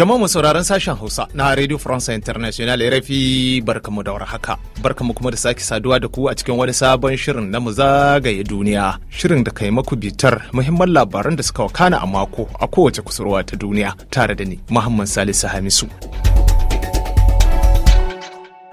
Jama'a sauraron sashen Hausa na Radio France International RFI barkamu da warhaka. Barkamu kuma da sake saduwa da ku a cikin wani sabon shirin na mu zagaye duniya. Shirin da kai maku bitar muhimman labaran da suka wakana a mako a kowace kusurwa ta duniya tare da ni Muhammad Salisu Hamisu.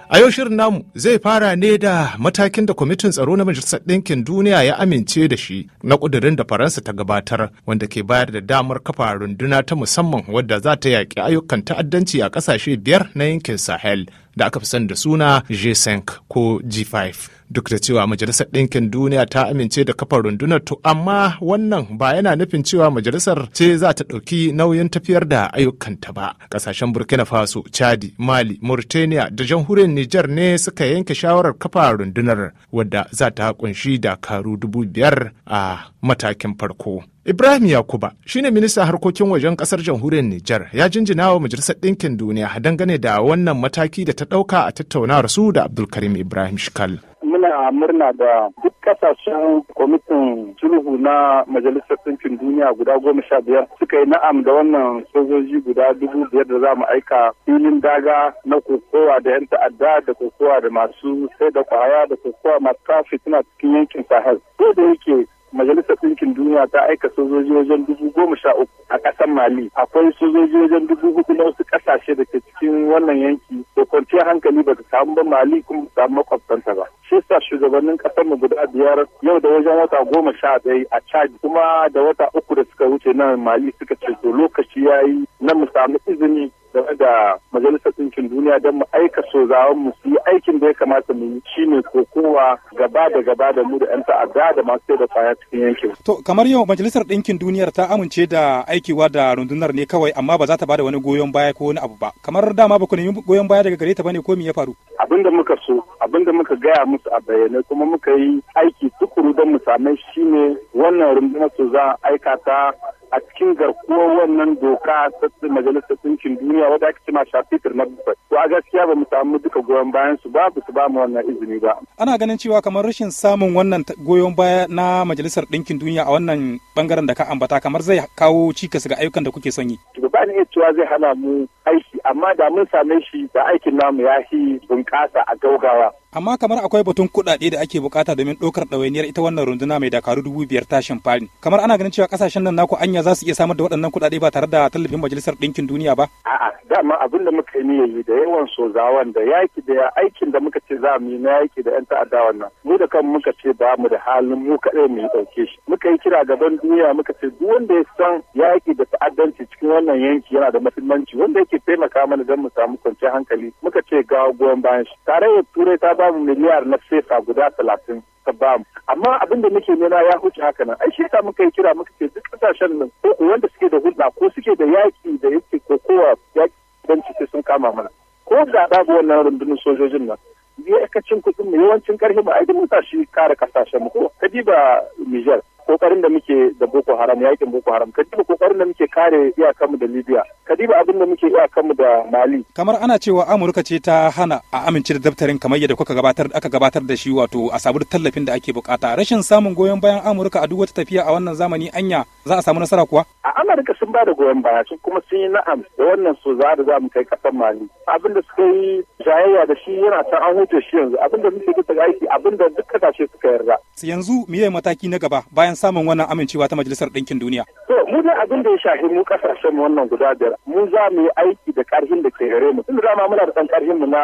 A yau shirin namu zai fara ne da matakin da kwamitin tsaro na Majalisar Ɗinkin Duniya ya amince da shi na ƙudurin da Faransa ta gabatar wanda ke bayar da damar kafa runduna ta musamman wadda za ta yaƙi ayyukan ta'addanci a ƙasashe biyar na yankin Sahel da aka fi sani da suna G5 ko G5. Duk da cewa Majalisar Ɗinkin Duniya ta amince da kafar rundunar to amma wannan ba yana nufin cewa majalisar ce za ta ɗauki nauyin tafiyar da ayyukanta ba. Ƙasashen Burkina Faso, Chadi, Mali, Mauritania da jamhuriyar Nijar ne suka yanke shawarar kafa rundunar wadda za ta kunshi dakaru dubu biyar a matakin farko. Ibrahim Yakuba shine ministan harkokin wajen kasar jamhuriyar Nijar ya jinjina wa majalisar ɗinkin duniya dangane da wannan mataki da ta ɗauka a tattaunawar su da Abdulkarim Ibrahim Shikal. Muna murna da duk kasashen kwamitin sulhu na majalisar ɗinkin duniya guda goma sha biyar suka yi na'am da wannan sojoji guda dubu biyar da za mu aika filin daga na kokowa da yan ta'adda da kokowa da masu sai da kwaya da kokowa masu kafin suna cikin yankin sahel. Ko da yake majalisar ɗinkin duniya ta aika sojoji wajen dubu goma sha uku a ƙasar mali akwai sojoji wajen dubu hudu na wasu ƙasashe da ke cikin wannan yanki da kwanciyar hankali ba ta samu ba mali kuma ta samu makwabtanta ba shi sa shugabannin ƙasarmu guda biyar yau da wajen wata goma sha ɗaya a chad kuma da wata uku da suka wuce nan mali suka ce to lokaci ya yi na mu samu izini game da majalisar ɗinkin duniya don mu aika sozawan mu su yi aikin da ya kamata mu yi shine kokowa gaba da gaba da mu da 'yan ta'adda da masu da kwaya cikin yankin. To kamar yau majalisar ɗinkin duniya ta amince da aikiwa da rundunar ne kawai amma ba za ta bada wani goyon baya ko wani abu ba kamar dama ba ku nemi goyon baya daga gare ta bane ko me ya faru. Abin da muka so abin da muka gaya musu a bayanai kuma muka yi aiki tukuru don mu same shi ne wannan rundunar su za aika ta a cikin garkuwar wannan doka ta majalisar ɗinkin duniya wadda ake cima shafitar na bakwai to a gaskiya ba mu samu duka goyon bayan su ba su ba mu wannan izini ba ana ganin cewa kamar rashin samun wannan goyon baya na majalisar ɗinkin duniya a wannan bangaren da ka ambata kamar zai kawo cikas ga ayyukan da kuke son yi ba ni iya cewa zai hana mu aiki amma da mun same shi da aikin namu ya fi bunƙasa a gaugawa amma kamar akwai batun kuɗaɗe da ake bukata domin ɗaukar ɗawainiyar ita wannan runduna mai dakaru dubu biyar tashin fali kamar ana ganin cewa ƙasashen nan naku anya za su iya samar da waɗannan kuɗaɗe ba tare da tallafin majalisar ɗinkin duniya ba. a'a dama abin da muka yi da yawan sozawan da yaki da aikin da muka ce za mu yi na yaki da 'yan ta'adda wannan mu da kan muka ce ba mu da halin mu kaɗai mu ɗauke shi muka yi kira gaban duniya muka ce duk wanda ya san yaki da ta'addanci cikin wannan yanki yana da mahimmanci wanda yake taimaka mana don mu samu kwanciyar hankali muka ce ga goyon bayan shi tarayyar turai ta ba ba miliyar na sefa guda talatin ta bamu amma abin da muke nema ya huce haka nan ai sheka muka yi kira muka ce duk kasashen nan ko wanda suke da hulɗa ko suke da yaƙi da yake ko kowa yaƙi don cike sun kama mana ko da babu wannan rundunar sojojin nan ya cin kuɗin mu yawancin ƙarfi mu ai duk mutashi kare kasashen mu ko kadiba Niger kokarin da muke da Boko Haram yakin Boko Haram kadiba kokarin da muke kare iyakanmu da Libya kadiba abin da muke iyakanmu da Mali kamar ana cewa Amurka ce ta hana a amince da daftarin kamar yadda kuka gabatar aka gabatar da shi wato a sabu tallafin da ake bukata rashin samun goyon bayan Amurka a duk wata tafiya a wannan zamani anya za a samu nasara kuwa? A Amurka sun ba da goyon baya sun kuma sun yi na'am da wannan so za da za mu kai kasan Mali. Abin da suka yi jayayya da shi yana can an huce shi yanzu abin da muke bisa aiki abin da duk kasashe suka yarda. Yanzu miye mataki na gaba bayan samun wannan amincewa ta Majalisar Ɗinkin Duniya? To mu ne abin da ya shafi mu kasashen wannan guda biyar mu za mu yi aiki da ƙarfin da ke gare mu. Tun ma muna da ɗan ƙarfin mu na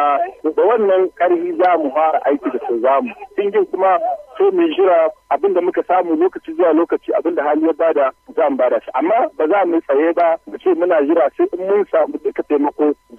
da wannan ƙarfi za mu fara aiki da su za mu. Singin kuma sai mu jira abinda da muka samu lokaci zuwa lokaci abin da hali ya bada za mu da shi amma ba za mu tsaye ba mu ce muna jira sai in mun samu duka taimako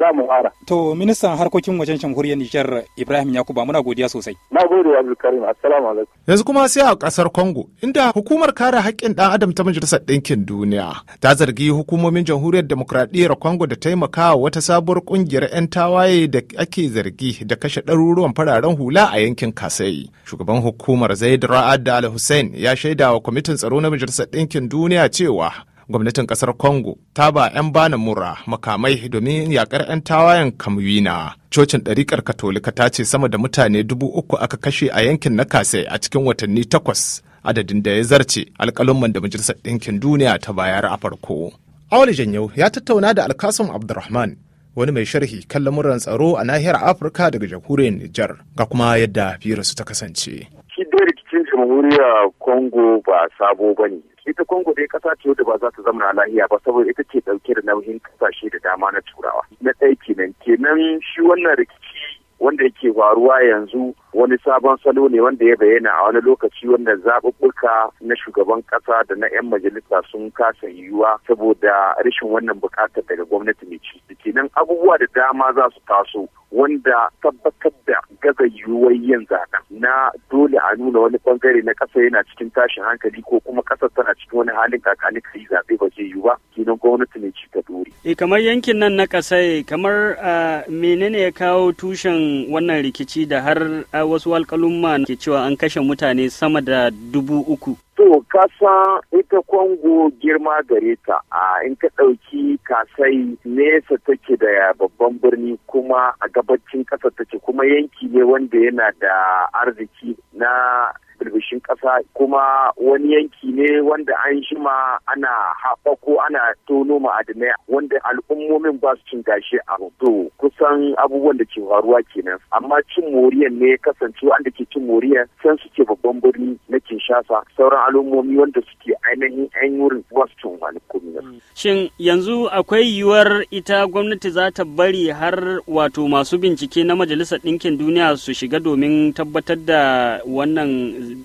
za mu fara. To ministan harkokin wajen jamhuriyar Nijar Ibrahim Yakuba muna godiya sosai. Na gode wa Abdulkarim assalamu alaikum. Yanzu kuma sai a kasar Congo inda hukumar kare haƙƙin ɗan adam ta Majalisar Ɗinkin Duniya ta zargi hukumomin jamhuriyar demokradiyyar Congo da taimakawa wata sabuwar ƙungiyar 'yan tawaye da ake zargi da kashe ɗaruruwan fararen hula a yankin Kasai. Shugaban hukumar Zaid Ra'ad Al Hussein ya shaida wa kwamitin tsaro na Majalisar Ɗinkin Duniya cewa gwamnatin kasar congo ta ba 'yan bana mura makamai domin yakar 'yan tawayen kamwina cocin ɗariƙar katolika ta ce sama da mutane dubu uku aka kashe a yankin na kase a cikin watanni takwas adadin da ya zarce alƙalumman da majalisar ɗinkin duniya ta bayar a farko awali janyau ya tattauna da alkasum abdurrahman wani mai sharhi kan lamuran tsaro a nahiyar afirka daga jamhuriyar nijar ga kuma yadda virus ta kasance shi dai rikicin jamhuriyar congo ba sabo ba ne ita Congo dai kasa ce wadda ba za ta zama lahiya ba saboda ita ce dauke da nauyin kasashe da dama na turawa na ɗaya kenan kenan shi wannan rikici wanda yake faruwa yanzu wani sabon salo ne wanda ya bayyana a wani lokaci wanda zaɓuɓɓuka na shugaban ƙasa da na 'yan majalisa sun kasa yiwuwa saboda rashin wannan buƙatar daga gwamnati mai ciki. kenan abubuwa da dama za su taso wanda tabbatar da gaza yiwuwar yin zaɓen na dole a nuna wani bangare na ƙasa yana cikin tashin hankali ko kuma ƙasar tana cikin wani halin kakani ka yi zaɓe ba zai yiwu ba kenan gwamnati ne ci ta dore. E kamar yankin nan na ƙasai eh, kamar ah, menene ya kawo tushen wannan rikici da har ah, wasu alƙalumma ke cewa an kashe mutane sama da dubu uku. To kasa ita Kwango girma gare ta a in ka ɗauki kasai nesa take da babban birni kuma a gabacin ƙasa take kuma yanki ne wanda yana da arziki na gabashin ƙasa kuma wani yanki ne wanda an shima ana ko ana tono ma'adinai wanda al'ummomin ba su cin gashi a to kusan abubuwan da ke faruwa kenan amma cin moriyan ne kasance wanda ke cin moriyan can suke babban birni na Kinshasa sauran al'ummomi wanda suke ainihin 'yan wurin ba su cin wani hmm. Shin yanzu akwai yiwuwar ita gwamnati za ta bari har wato masu bincike na Majalisar Ɗinkin Duniya su shiga domin tabbatar da wannan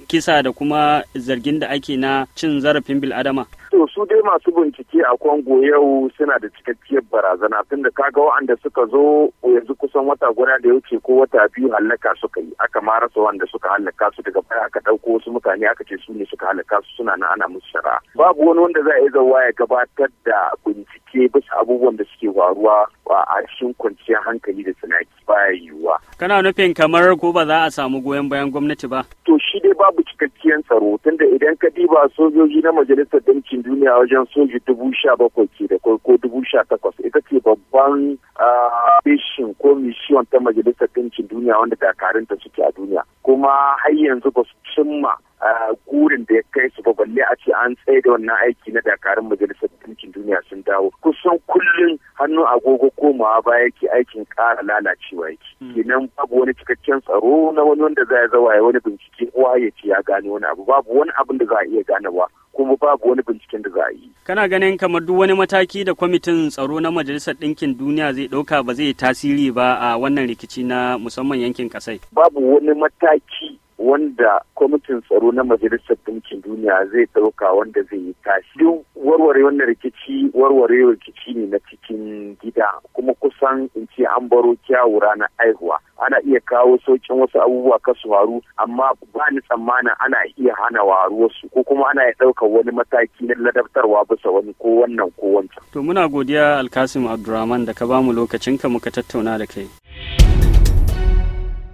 kisa da kuma zargin da ake na cin zarafin bil'adama? To su dai masu bincike a Kongo yau suna da cikakkiyar barazana tunda kaga waɗanda suka zo yanzu kusan wata guda da wuce ko wata biyu hallaka suka yi aka ma rasa wanda suka hallaka su daga baya aka ɗauko wasu mutane aka ce su ne suka hallaka su suna na ana musu shara. Babu wani wanda za a yi zawa ya gabatar da bincike bisa abubuwan da suke waruwa a cikin kwanciyar hankali da tsanaki baya yiwuwa. Kana nufin kamar ko ba za a samu goyon bayan gwamnati ba? To shi dai babu samu cikakkiyar tsaro tunda idan ka diba sojoji na majalisar ɗinkin duniya wajen soji dubu sha bakwai ke da ko dubu sha takwas ita ce babban mishin ko mishiyon ta majalisar ɗinkin duniya wanda dakarunta suke a duniya kuma har yanzu ba su cimma kai su ba balle a ce an tsaye da wannan aiki na dakarun majalisar ɗinkin duniya sun dawo kusan kullum hannu agogo komawa baya yake aikin ƙara lalacewa yake hmm. kenan babu wani cikakken tsaro na wani wanda za ya zawa ya wani bincike uwa ya ce ya gane wani abu babu wani abin da za a iya ganewa kuma babu wani binciken da za a yi. Kana ganin kamar duk wani mataki da kwamitin tsaro na Majalisar Ɗinkin Duniya zai ɗauka ba zai tasiri ba a wannan rikici na musamman yankin Kasai. Babu wani mataki wanda kwamitin tsaro na majalisar ɗinkin duniya zai ɗauka wanda zai yi tashi duk warware wannan rikici warware rikici ne na cikin gida kuma kusan in ce an baro kyawu ranar aihuwa ana iya kawo saukin wasu abubuwa kasu waru amma ba ni tsammanin ana iya hana waruwarsu ko kuma ana iya ɗaukar wani mataki na ladabtarwa bisa wani ko wannan ko wancan. to muna godiya alkasim abdurrahman da ka bamu lokacinka muka tattauna da kai.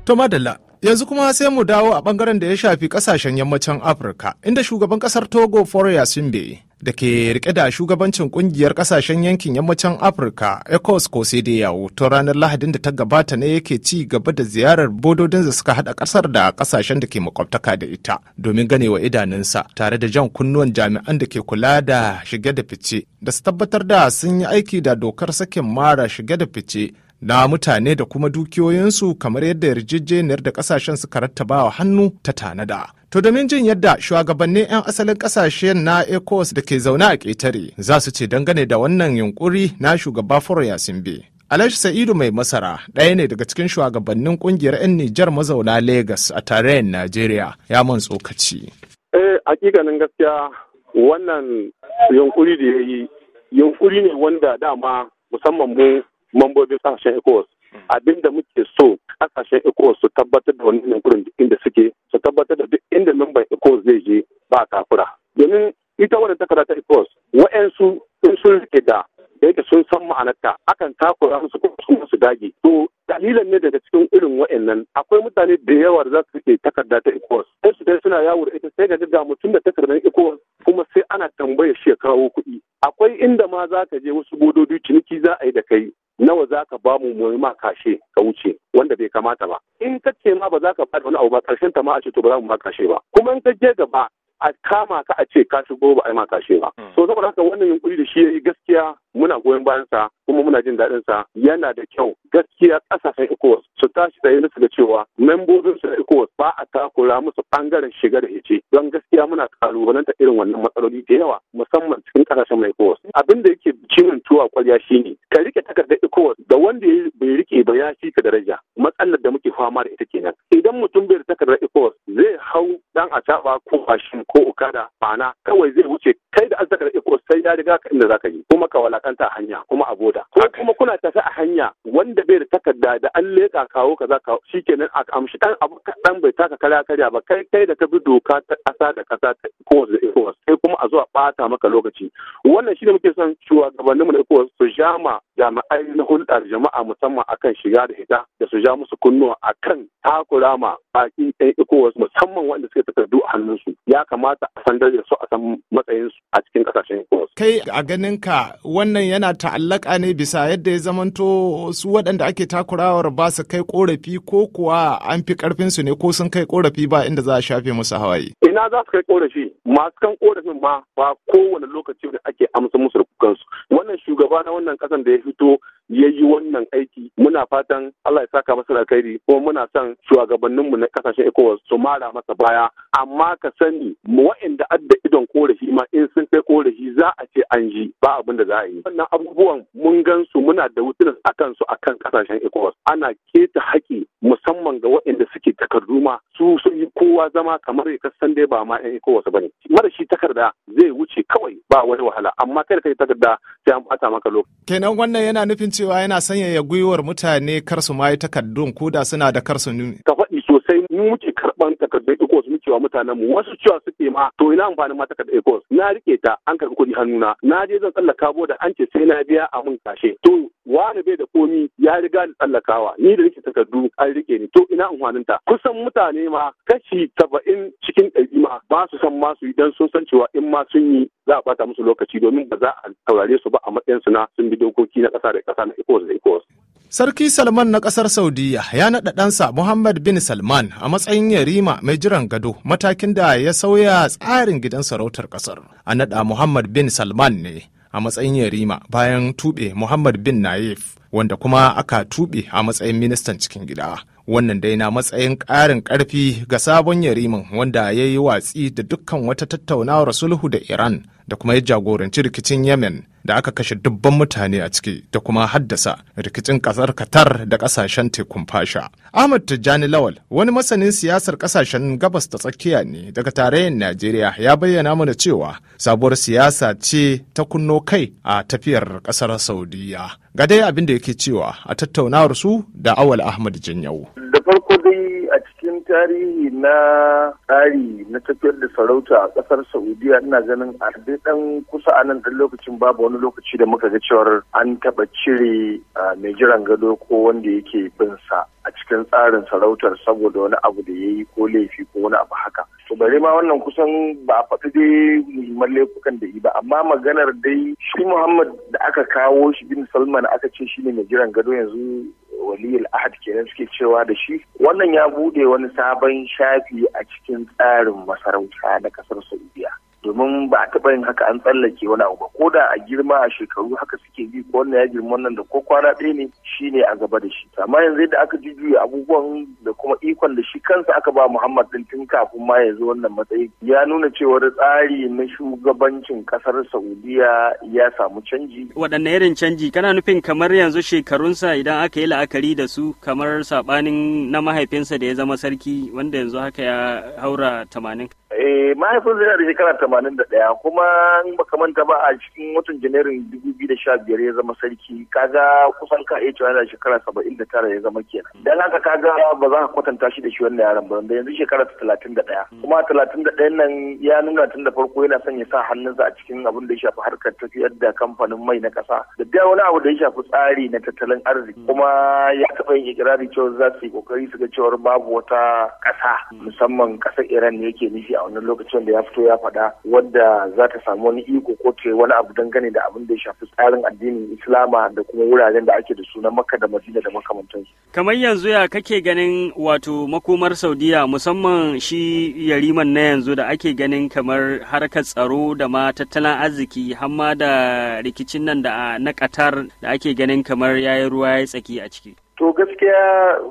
to madalla Yanzu kuma sai mu dawo a bangaren da ya shafi kasashen yammacin Afirka, inda shugaban kasar Togo Foroya Simbe da ke rike da shugabancin kungiyar kasashen yankin yammacin Afirka ecos ko sai dai yawo to ranar Lahadin da ta gabata ne yake ci gaba da ziyarar bododin da suka hada kasar da kasashen da ke makwabtaka da ita domin ganewa idanunsa tare da jan kunnuwan jami'an da ke kula da shige da fice da su tabbatar da sun yi aiki da dokar sakin mara shige da fice na mutane da kuma dukiyoyinsu kamar yadda yarjejeniyar da kasashen suka rattabawa hannu ta tanada. To domin jin yadda shugabannin 'yan asalin kasashen na ECOWAS da ke zaune a ƙetare za su ce dangane da wannan yunkuri na shugaba Foro Be. Alhaji Sa'idu mai masara ɗaya ne daga cikin shugabannin ƙungiyar 'yan Nijar mazauna Legas a tarayyar Najeriya ya man tsokaci. Eh, hakikanin gaskiya wannan yunkuri da ya yi yunkuri ne wanda dama musamman mu mambobin kasashen ECOWAS hmm. abin da muke so kasashen ECOWAS su tabbatar da wani yankurin inda suke su tabbatar da duk inda memban ECOWAS zai je ba kafura domin ita wadda takarda ta ECOWAS wa'ansu in sun rike da da yake sun san ma'anarta akan takura musu kuma su dage to dalilan ne daga cikin irin wa'annan akwai mutane da yawa da za su rike takarda ta ECOWAS sai su dai suna yawo da ita sai ga ga mutum da takardar ECOWAS kuma sai ana tambayar shi ya kawo kuɗi akwai inda ma za ka je wasu bododi ciniki za a yi da kai nawa za ka ba mu ma kashe ka wuce wanda bai kamata ba in ka ce ma ba za ka ba wani abu ba karshen ta ma a ce to ba za mu ma kashe ba kuma in ka je gaba a kama ka a ce ka shigo ba a yi ma kashe ba hmm. so saboda haka wannan yunkuri da shi ya yi gaskiya muna goyon bayan sa kuma muna jin daɗin sa yana da kyau gaskiya ƙasashen ECOWAS su tashi tsaye nasu da cewa membobin su na ECOWAS ba a takura musu bangaren shiga da hice don gaskiya muna kalubalanta irin wannan matsaloli da yawa musamman cikin ƙasashen mai ECOWAS abin da yake ciwon tuwa shi ne, ka rike takardar ECOWAS da wanda bai rike ba ya shi ka daraja matsalar da muke fama da ita kenan idan mutum bai da takardar ECOWAS zai hau dan a taba ko bashin ko okada ma'ana kawai zai wuce kai da azzakar ECOWAS sai ya riga ka inda zaka yi kuma ka wala matsanta a hanya kuma a boda ko kuma kuna tafi a hanya wanda bai da takarda da an leka kawo kaza ke shikenan a amshi dan abu kaɗan bai taka kala karya ba kai kai da ka bi doka ta kasa da kasa ta kowace da a zuwa ɓata maka lokaci wannan shine muke son shugabannin mu na iko su ja ma jami'ai na hulɗar jama'a musamman akan shiga da ita da su ja musu kunnuwa akan takura ma baki ɗan iko musamman wanda suke takardu a su ya kamata a san da su a san matsayin su a cikin ƙasashen iko. kai a ganin ka wannan yana ta'allaka ne bisa yadda ya zamanto su waɗanda ake takurawar ba su kai korafi ko kuwa an fi su ne ko sun kai korafi ba inda za a shafe musu hawaye. ina za su kai korafi masu kan korafin ma ba kowane lokaci da ake amsa musu da kukansu wannan shugaba na wannan kasan da ya fito ya yi wannan aiki muna fatan Allah ya saka masa alkhairi kuma muna son shugabanninmu na kasashen ECOWAS su mara masa baya amma ka sani wa'inda adda idon korafi ma in sun kai korafi za a ce an ji ba abin da za a yi wannan abubuwan mun gan su muna da wutunan akan su akan kasashen ECOWAS ana keta haƙi musamman ga wa'inda suke takardu ma su sun yi kowa zama kamar ya kasan dai ba ma yan kowace bane mara shi takarda zai wuce kawai ba wani wahala amma kai da kai takarda sai an bata maka lokaci kenan wannan yana nufin cewa yana sanyaya gwiwar mutane kar su ma yi takardun ko da suna da kar su nuni mu muke karban takardar ecos muke wa mutanen mu wasu cewa suke ma to ina amfanin ma takardar ecos na rike ta an karbi kuɗi hannuna na je zan tsallaka boda an ce sai na biya a mun kashe to wani bai da komi ya riga da tsallakawa ni da rike takardu an rike ni to ina amfanin ta kusan mutane ma kashi saba'in cikin ɗari ma ba su san ma su yi dan sun san cewa in ma sun yi za a bata musu lokaci domin ba za a taurare su ba a matsayin su na sun bi dokoki na ƙasa da ƙasa na ecos da ecos. Sarki Salman na ƙasar saudiyya ya naɗa ɗansa Muhammad bin Salman a matsayin yarima mai jiran gado matakin da ya sauya tsarin gidan sarautar ƙasar. A naɗa Muhammad bin Salman ne a matsayin yarima bayan tuɓe Muhammad bin Naif wanda kuma aka tuɓe a matsayin ministan cikin gida. Wannan dai na matsayin ƙarin ƙarfi ga sabon yarimin wanda ya yi watsi da dukkan wata tattaunawar sulhu da Iran da kuma ya jagoranci rikicin Yemen. da aka kashe dubban mutane a ciki da kuma haddasa rikicin kasar Qatar da kasashen tekun fasha. Ahmad Tijjani Lawal wani masanin siyasar kasashen gabas ta tsakiya ne daga tarayyar Najeriya ya bayyana mana cewa sabuwar siyasa ce ta kunno kai a tafiyar kasar Saudiya. Ga dai abin da yake cewa a tattaunawar su da Awal Ahmad Jinyau. Da farko dai a tarihi na tsari na tafiyar da sarauta a kasar saudiya ina ganin a dan kusa a nan dan lokacin babu wani lokaci da muka ga cewar an taba cire ah, mai jiran gado ko wanda yake bin sa a cikin tsarin sarautar saboda wani abu da ya yi ko laifi ko wani abu haka to bari ma wannan kusan ba a faɗi dai muhimman laifukan da yi ba amma maganar dai shi muhammad da aka kawo shi bin salman aka ce shi ne mai jiran gado yanzu waliyul ahad kenan suke cewa da shi wannan ya bude wani sabon shafi a cikin tsarin masarauta na kasar saudi domin ba a taɓa yin haka an tsallake wani abu ba ko da a girma a shekaru haka suke bi ko wannan ya girma wannan da ko kwana ɗaya ne shi ne a gaba da shi amma yanzu da aka jujjuya abubuwan da kuma ikon da shi kansa aka ba muhammad din tun kafin ma ya zo wannan matsayi ya nuna cewar tsari na shugabancin kasar saudiya ya samu canji waɗanne irin canji kana nufin kamar yanzu shekarunsa idan aka yi la'akari da su kamar saɓanin na mahaifinsa da ya zama sarki wanda yanzu haka ya haura tamanin Eh mahaifin zai da shekara tamanin da ɗaya kuma in baka manta ba a cikin watan janairun dubu biyu da sha biyar ya zama sarki kaga kusan ka iya cewa da shekara saba'in da tara ya zama kenan dan haka kaga ba za ka kwatanta shi da shi wannan yaron ba da yanzu shekara ta talatin da ɗaya hmm. kuma talatin da ɗayan nan ya nuna tun da farko yana son ya sa hannunsa a cikin abin da ya shafi harkar tafiyar da kamfanin mai na ƙasa da da wani abu da ya shafi tsari na tattalin arziki hmm. kuma ya taɓa yin ikirari cewa za su yi kokari su ga cewa babu wata ƙasa hmm. musamman ƙasar Iran ne yake nufi a wannan lokacin da ya fito ya faɗa wanda za ta samu wani iko ko ce wani abu dangane da abin da ya shafi tsarin addinin islama da kuma wuraren da ake da su na makka da madina da makamantansu. kamar yanzu ya kake ganin wato makomar saudiya musamman shi yariman na yanzu da ake ganin kamar harkar tsaro da ma tattalin arziki hamma da rikicin nan da na katar da ake ganin kamar yayi ruwa ya tsaki a ciki. To gaskiya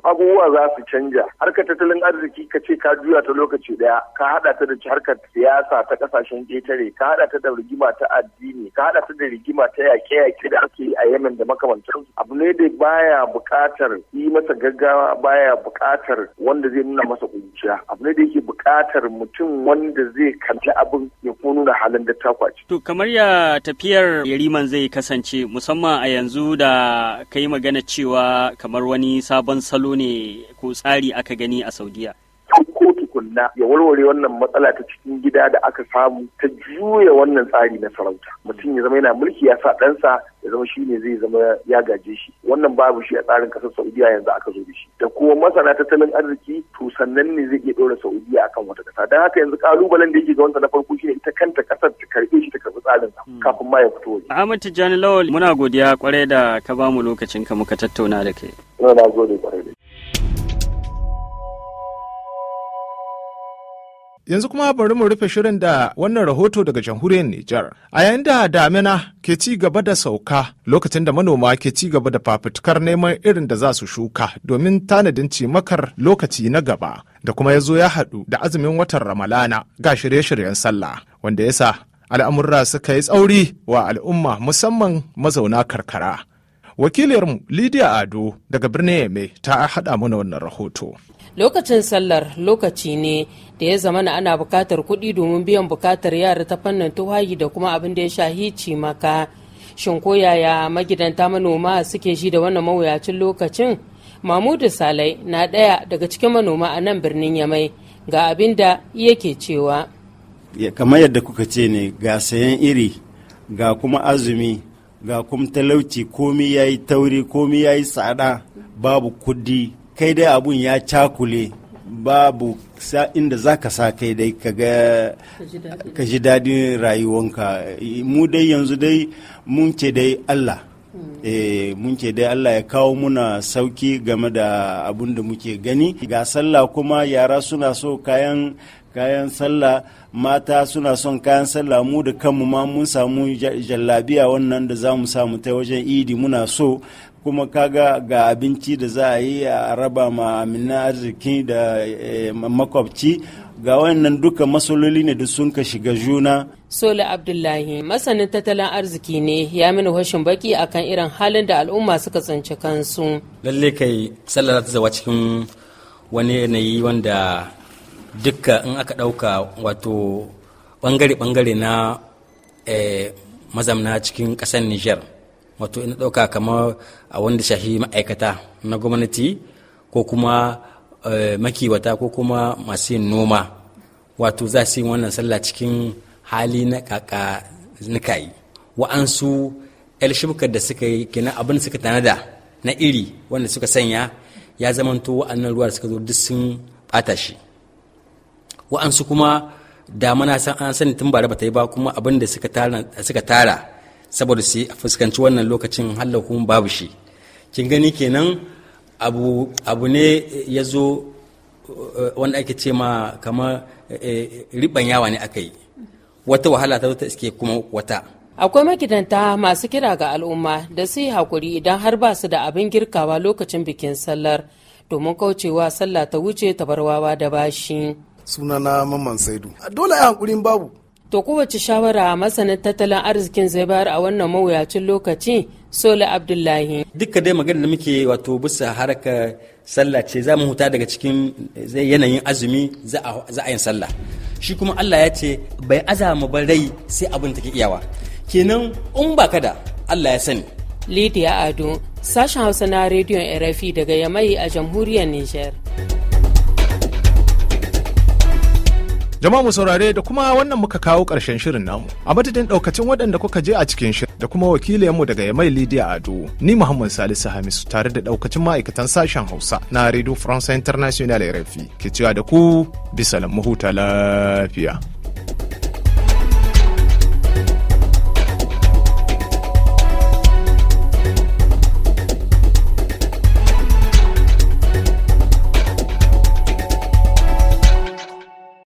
abubuwa za su canja. Harkar tattalin arziki ka ce ka juya ta lokaci daya, ka haɗa ta da harkar siyasa ta ƙasashen ƙetare, ka hada ta da rigima ta addini, ka haɗa ta da rigima ta yaƙe-yaƙe da ake a Yemen da makamantar. Abu ne da baya buƙatar yi masa gaggawa, baya buƙatar wanda zai nuna masa kunciya. Abu ne da yake buƙatar mutum wanda zai kalli abin ya kuma nuna halin da ta kwaci. To kamar ya tafiyar Yariman zai kasance musamman a yanzu da ka yi magana cewa kamar kamar wani sabon salo ne ko tsari aka gani a saudiya tukunna ya warware wannan matsala ta cikin gida da aka samu ta juya wannan tsari na sarauta mutum ya zama yana mulki ya sa ɗansa ya zama shi ne zai zama ya gaje shi wannan babu shi a tsarin ƙasar saudiya yanzu aka zo da shi da kuma masana tattalin arziki to sannan ne zai iya ɗora saudiya akan wata ƙasa don haka yanzu ƙalubalen da yake ga wanta na farko shine ita kanta ƙasar ta karɓe shi ta karɓi tsarin hmm. kafin ma ya fito waje. Ahmad Tijjani Lawal muna godiya kwarai da ka bamu lokacin ka muka tattauna da kai. Na gode kwarai da Yanzu kuma bari mu rufe shirin da wannan rahoto daga jamhuriyar Nijar. A yayin da damina ke ci gaba da sauka lokacin da manoma ke ci gaba da fafutukar neman irin da za su shuka domin tanadin cimakar lokaci na gaba da kuma ya zo ya haɗu da azumin watan Ramalana ga shirye-shiryen sallah wanda ya sa al'amurra suka yi tsauri wa al'umma musamman mazauna karkara. Wakiliyarmu lidiya Ado daga birnin Yame ta haɗa mana wannan rahoto. lokacin sallar lokaci ne da ya zama na ana bukatar kuɗi domin biyan bukatar yara ta fannin tuhayi da kuma abin da ya sha hici maka shin ko yaya magidanta manoma suke shi da wannan mawuyacin lokacin mamudu salai na ɗaya daga cikin manoma a nan birnin yamai ga abin da yake cewa kamar yadda kuka ce ne ga sayan iri ga kuma azumi ga kuma talauci komi ya yi tauri komi ya yi tsada babu kudi kai dai abun ya cakule babu inda za ka sa kai dai ka ji daɗin rayuwanka mu dai yanzu dai mun ce dai allah hmm. eh, mun ce dai allah ya kawo muna sauki game da abun da muke gani ga sallah kuma yara suna so kayan kayan sallah mata suna son kayan sallah mu da kanmu ma mun samu jallabiya wannan da za mu samu ta wajen idi muna so kuma kaga ga abinci da za a yi a raba ma amina arziki da eh, makwabci ga wannan duka masololi ne da sun ka shiga juna. Sola Abdullahi masanin tattalin arziki ne ya mini hushin baki akan irin halin da al'umma suka tsinci kansu. Lalle kai sallar ta zawa cikin wani yanayi wanda dukka in aka ɗauka wato ɓangare-ɓangare na eh, mazamna cikin ƙasar niger wato ina ɗauka kamar a wanda shahi ma'aikata na gwamnati ko kuma eh, makiwata ko kuma masu yin noma wato za su yi wannan sallah cikin hali na kaka nikayi wa'ansu yar shibkar da suka yi kenan abin suka tanada na iri wanda suka sanya ya zamanto wa'annan ruwa da suka zo duk sun ɓata shi wa'ansu kuma da mana san an sani tun ba da bata yi ba kuma abin da suka tara saboda su fuskanci wannan lokacin hallar kuma babu shi kin gani kenan abu abu ne ya zo eh, wanda ake ce ma kamar eh, eh, riban yawa ne aka yi wata wahala ta ta iske kuma wata akwai makidanta masu kira ga al'umma da su yi hakuri idan har ba su da abin girkawa lokacin bikin sallar domin kaucewa sallah ta wuce ta barwawa da bashi sunana Mamman Saidu. Dole a hankulin babu. To kowace shawara a masanin tattalin arzikin zai bayar a wannan mawuyacin lokaci Sola Abdullahi. Dukka dai magana da muke wato bisa haraka sallah ce za mu huta daga cikin yanayin azumi za a yin sallah. Shi kuma Allah ya ce bai azama ba rai sai abin take iyawa. Kenan in ba kada Allah ya sani. Lidiya Ado, sashen Hausa na rediyon RFI daga Yamai a jamhuriyar Nijar. Jama'a mu saurare da kuma wannan muka kawo karshen shirin namu. A madadin ɗaukacin waɗanda kuka je a cikin shirin da kuma wakilinmu daga Yamai Lidiya Ado, ni Muhammad Salisu Hamisu tare da ɗaukacin ma'aikatan sashen Hausa na Radio France International RFI ke cewa da ku bisa lamu huta lafiya.